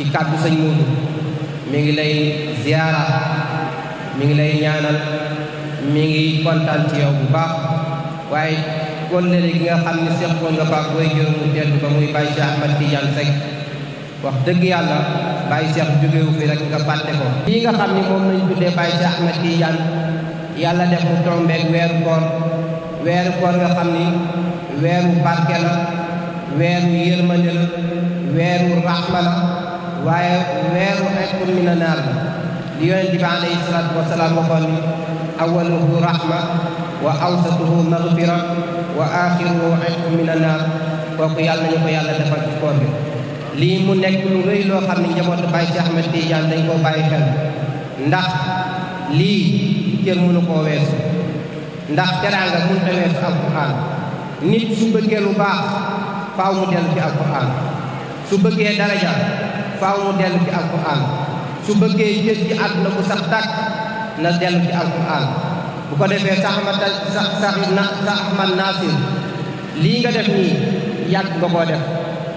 ci kàddu sëñ Moodu mi ngi lay ziyaara mi ngi lay ñaanal mi ngi kontaan ci yow bu baax waaye kóllëre gi nga xam ne seqoon nga faak booy jëw mu tedd ba muy Baye Cheikh Ahmad Tidiane Seck wax dëgg yàlla Baye Cheikh jógewu fi rek nga fàtte ko lii nga xam ne moom lañ tuddee Baye Cheikh Ahmad Tidiane yàlla dem mu tombeeg weeru koor weeru koor nga xam ni weeru barke la weeru yërmande weeru raxma la waaye weeru xekkun mina naar la li bi alayhi salaatu wasalaam awaluhu rahma wa awsatuhu magfira wa axiruhu xekkun mina kooku yàlla nañu yàlla defal ci koor bi lii mu nekk lu rëy loo xam ne njabootu Baay Seex Ahmed Tidiane dañ koo bàyyi xel ndax lii cër mënu koo weesu ndax teraanga mënut a weesu nit su baax faaw mu ci alquran su daraja faaw mu dellu ci alquran su bëggee jël ci àdduna bu sax na dellu ci alquran bu ko defee sax ma ta sax sax na sax man naasir lii nga def nii yàgg nga koo def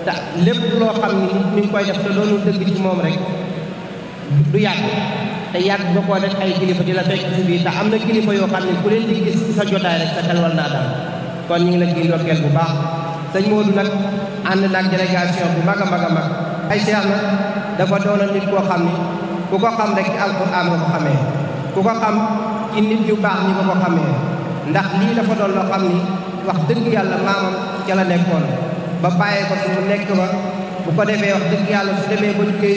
te lépp loo xam ni mi koy def te doonul dëgg ci moom rek du yàgg te yàgg nga koo def ay kilifa di la fekk si biir te am na kilifa yoo xam ne ku leen di gis sa jotaay rek sa xel war naa daal kon ñu ngi la ciy ndokkeel bu baax sëñ Modou nag ànd naag délégation bu mag a mag a mag ay Cheikh nag dafa doona nit koo xam ni ku ko xam rek ci alxuraan nga ko xamee ku ko xam ci nit ñu baax ñi nga ko xamee ndax lii dafa doon ni wax dëgg yàlla maamam ca la nekkoon ba bàyyee ko su nekk ba bu ko defee wax dëgg yàlla su demee ba jógee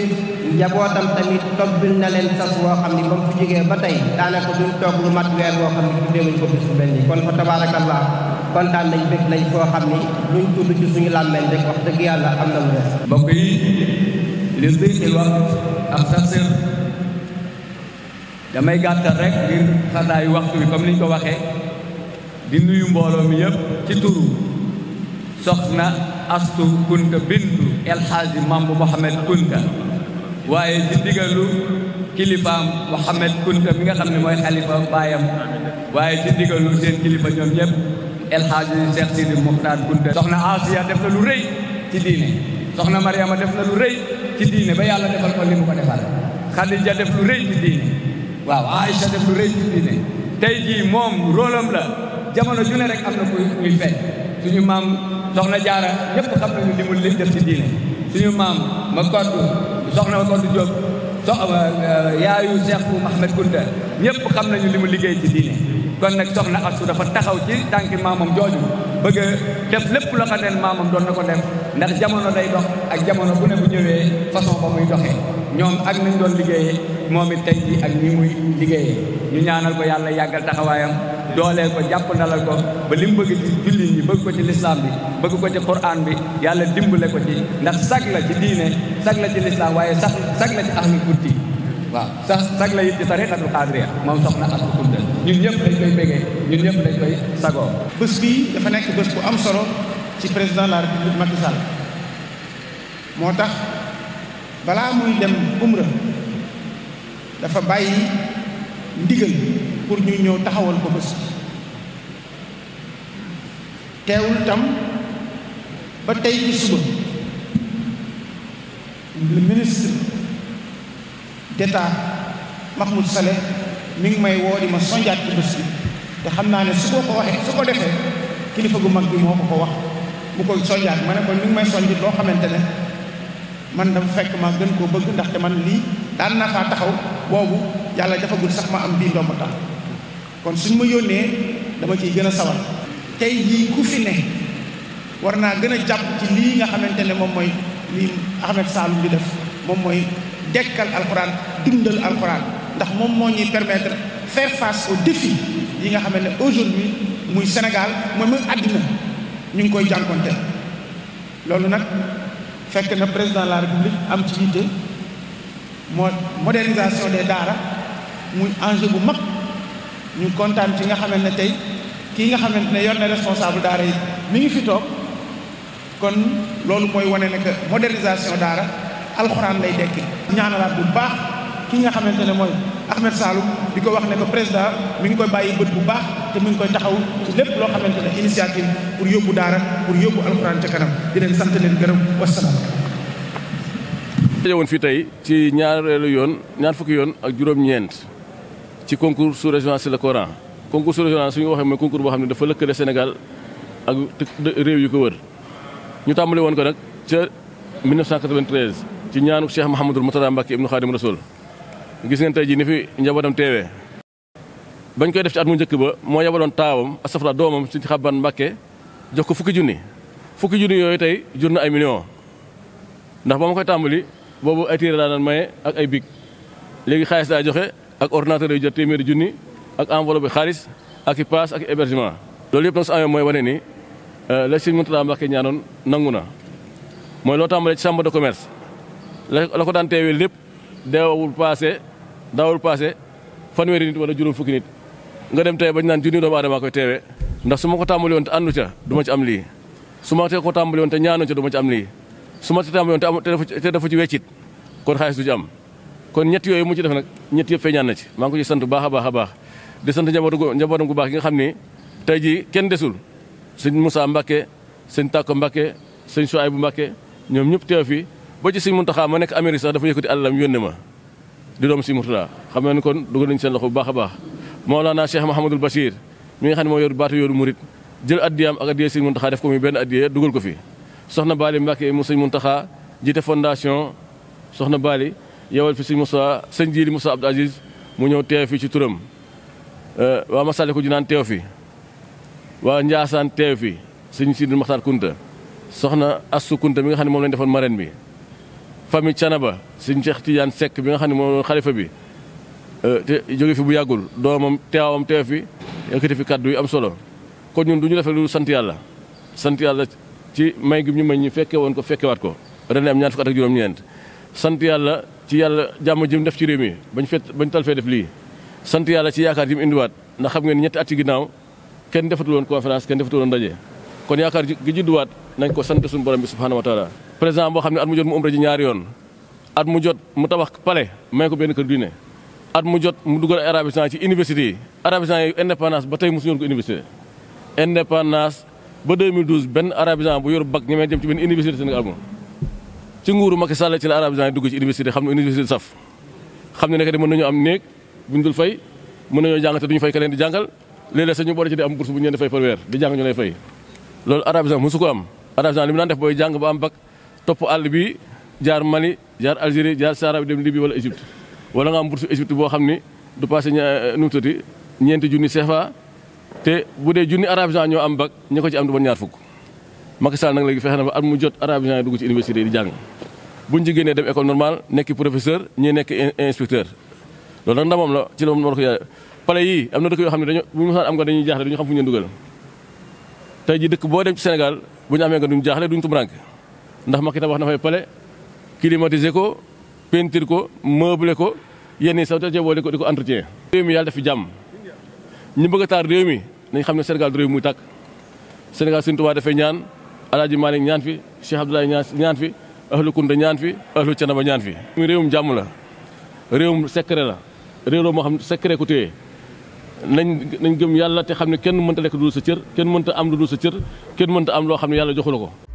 njabootam tamit bi na leen sas woo xam ni ba mu fi jógee ba tey daanaka duñ toog lu mat weer woo xam ni tuddee wuñ ko bis bu mel nii kon fa tabaarakallaa kontaan nañ bég nañ foo xam ni luñ tudd ci suñu làmmeñ rek wax dëgg yàlla am na lu des mbokk yi li wax ak tafsir damay gàttal rek ngir xataayu waxtu bi comme niñ ko waxee di nuyu mbooloo mi yëpp ci turu soxna astu kunta el xaaji mambu mohamed kunta waaye ci digalu kilifaam mohamed kunta mi nga xam ne mooy xalifa baayam waaye ci digalu seen kilifa ñoom El Hadji Cheikh Sidi Moukhtar Kounta soxna Asiya def na lu rëy ci diine soxna Mariama def la lu rëy ci diine ba yàlla defal ko li mu ko defal Khadija def lu rëy ci diine waaw Aïcha def lu rëy ci diine tey jii moom roolam la jamono ju rek am na kuy kuy suñu maam soxna jaara ñëpp xam nañu li mu li def ci diine maam ma koddu soxna ma koddu Diop so euh, euh, yaayu Cheikh Mouhamed Kounta ñëpp xam nañu li mu liggéey ci diine kon nag jox na Astu dafa taxaw ci tànki maamam jooju bëgg a def lépp loo xam ne maamam doon na ko def ndax jamono day dox ak jamono bu ne bu ñëwee façon ba muy doxee ñoom ak nañ doon liggéeyee moom it tey jii ak ni muy liggéeye ñu ñaanal ko yàlla yàggal taxawaayam dooleel ko jàpp ndalal ko ba li mu bëgg ci jullit ñi bëgg ko ci lislaam bi bëgg ko ci quran bi yàlla dimbale ko ci ndax sag la ci diine sag la ci lislaam waaye sag sag la ci ahlu kurti waaw sax sag la yit ci tariqatul xaadiriya moom soxna Astou Kounta ñun ñëpp dañ koy bégee ñun ñëpp dañ koy sagoo bés bii dafa nekk bés bu am solo ci président de la république Macky moo tax balaa muy dem umra dafa bàyyi ndigal pour ñu ñëw taxawal ko bés teewul tam ba tey ci suba ministre d'état Mahmoud Saleh mi ngi may woo di ma sonjaat ci bés bi te xam naa ne su ko ko waxee su ko defee kilifa gu mag bi moo ko ko wax mu koy sonjaat ma ne ko mi ngi may sonjit loo xamante ne man dama fekk ma gën koo bëgg ndaxte man lii daan naa faa taxaw boobu yàlla defagul sax ma am bii ndomba tax kon suñ ma yónnee dama ciy gën a sawar tey ku fi ne war naa gën a jàpp ci lii nga xamante ne moom mooy lii Ahmed Saloum di def moom mooy dekkal alxuraan dundal alxuraan ndax moom moo ñuy permettre faire face aux défis yi nga xam ne aujourd'hui muy Sénégal mooy muy àddina ñu ngi koy jànkonte loolu nag fekk na président la la république am ci yitte moo modernisation des daara muy enjeu bu mag ñu kontaan ci nga xamante ne tey kii nga xamante ne yor na responsable daara yi mu ngi fi toog kon loolu mooy wane ne que modernisation daara alxuraan lay dekki ñaanalaat bu baax ki nga xamante ne mooy Ahmed Saloum di ko wax ne ko président mi ngi koy bàyyi bët bu baax te mi ngi koy taxaw ci lépp loo xamante ne initiative pour yóbbu daara pour yóbbu alxuraan ca kanam di leen sant leen gërëm wasalaam dajewoon fii tey ci ñaareelu yoon ñaar fukki yoon ak juróom-ñeent ci concours sous régional sur le Coran concours sous régional su ñu waxee mooy concours boo xam ne dafa lëkkale Sénégal ak réew yu ko wër ñu woon ko nag ca 1993 ci ñaanu cheikh mahamadul mutara mbàkke ibnu xaadim rasul gis ngeen tey ji ni fi njabootam teewee bañ koy def ci at mu njëkk ba moo yabaloon taawam asafra doomam suñ xabban mbàkke jox ko fukki junni fukki junni yooyu tey jur ay million ndax ba ma koy tàmbali boobu ay téere laa daan maye ak ay big legi xaalis daa joxe ak ordinateur yu jot téeméeri junni ak enveloppe xaalis ak i ak hébergement loolu yëpp nag su amee mooy wane ni euh, la sëñ Mountakha Mbacké ñaanoon nangu na mooy loo ci chambre de commerce la ko daan teewee lépp daawul paase daawul paase fanweeri nit wala juróom fukki nga dem tey bañ naan junni doomu aadama koy teewee ndax su ma ko tàmbali woon te àndu ca du ma ci am lii su ma ko tàmbali woon te ñaanu ca du ma ci am lii su ma ko tàmbali woon te dafa ci weccit kon xaalis du ci am kon ñett yooyu mu ci def nag ñett yëpp feeñaan na ci maa ngi ko ci sant baax a baax a baax di sant njabootu njabootam baax gi nga xam ni tey jii kenn desul sëñ Moussa Mbacke sëñ Tàkko Mbacke sëñ Souaïbou Mbacke ñoom ñëpp teew fi ba ci Sëñ Muntaxa ma nekk Amérique sax dafa yëkkati àllam yónne ma di doom Sëñ Murtada xam ne kon dugal nañu seen loxo bu baax a baax Mawlana Cheikh Mahamadul Bachir mi nga xam ne moo yor baatu yoru murit jël addiyaam ak addiya Sëñ Muntaxa def ko muy benn addiya dugal ko fi soxna Baali Mbàkke mu Sëñ Muntaxa jiite fondation soxna Baali yewal fi Sëñ Moussa Sëñ Jili Moussa Abdou Aziz mu ñëw teew fi ci turam euh, waa Masaliku Jinaan teew fi waa Njaasaan teew fi Sëñ Sidi Maxtaar Kunta soxna Assu Kunta mi nga xam ne moom lañ defoon marraine bi famille Canaba sëñ Cheikh Tidiane sekk bi nga xam ne moom xalifa bi euh, te jóge fi bu yàggul doomam teewam teew fi yëkkati fi kàddu yi am solo kon ñun du ñu defee lu sant yàlla sant yàlla ci may gi mu may ñi fekke woon ko fekkewaat ko ren am ñaar ak juróom-ñeent sant yàlla ci yàlla jàmm ji def ci réew mi bañ fet bañ tal fee def lii sant yàlla ci yaakaar ji indiwaat ndax xam ngeen ñetti at ci ginnaaw kenn defatul woon conférence kenn defatul woon ndaje kon yaakaar gi judduwaat nañ ko sant suñu borom bi subhaanahu wa taala président boo xam ne at mu jot mu umra ji ñaari yoon at mu jot mu tabax benn at mu jot mu dugal ay arabisants ci université yi arabisants yi indépendance ba tey mosu ñoon ko université indépendance ba 2012 benn arabisant bu yor bac ñemee jëm ci benn université Sénégal amul ci nguuru Macky Sall ci la arabisants yi dugg ci université xam ne université saf xam ne nekk de mën nañu am néeg buñ dul fay mën nañoo jàng te duñu di jàngal léeg-léeg sax ñu boole ci di di fay ñu lay fay Lol Arab mosu ko am Arab li mu daan def booy jàng ba am bak topp àll bi jaar Mali jaar Algérie jaar Sahara bi dem Libye wala Égypte wala nga am bourse Égypte boo xam ni du passé ña nu tati ñeenti junni CFA te bu juni arab arabisant ñoo am bak ñi ko ci am du bon ñaar fuk Macky Sall nag léegi fexe ba at mu jot arab yi dugg ci université di jang buñ ci génnee dem école normale nekk professeur ñi nekk inspecteur loolu nag ndamam la ci la am dëkk yoo xam ne bu am nga dañuy jaaxle duñu xam fu ñu dugal tey ji dëkk boo dem ci Sénégal bu ñu amee nga duñ jaaxle duñ tumuraanke ndax Macky tabax na fay pale climatiser ko peinture ko meubler ko yenn yi sax da boole ko di ko entretien. réew mi def jàmm ñu bëgg a taar réew mi nañ xam ne Sénégal du réew muy tàkk Sénégal Sëñ Tuubaa dafay ñaan El Hadj Malick ñaan fi Cheikh Abdoulaye ñaan fi ahlu Kounda ñaan fi ahlu ba ñaan fi. réewum jàmm la réewum secret la réew la moo xam secret ku téye. nañ nañ gëm yàlla te xam ne kenn mënta lekk lu dul sa cër kenn mënta am lu dul sa cër kenn mënta am loo xam ne yàlla joxu ko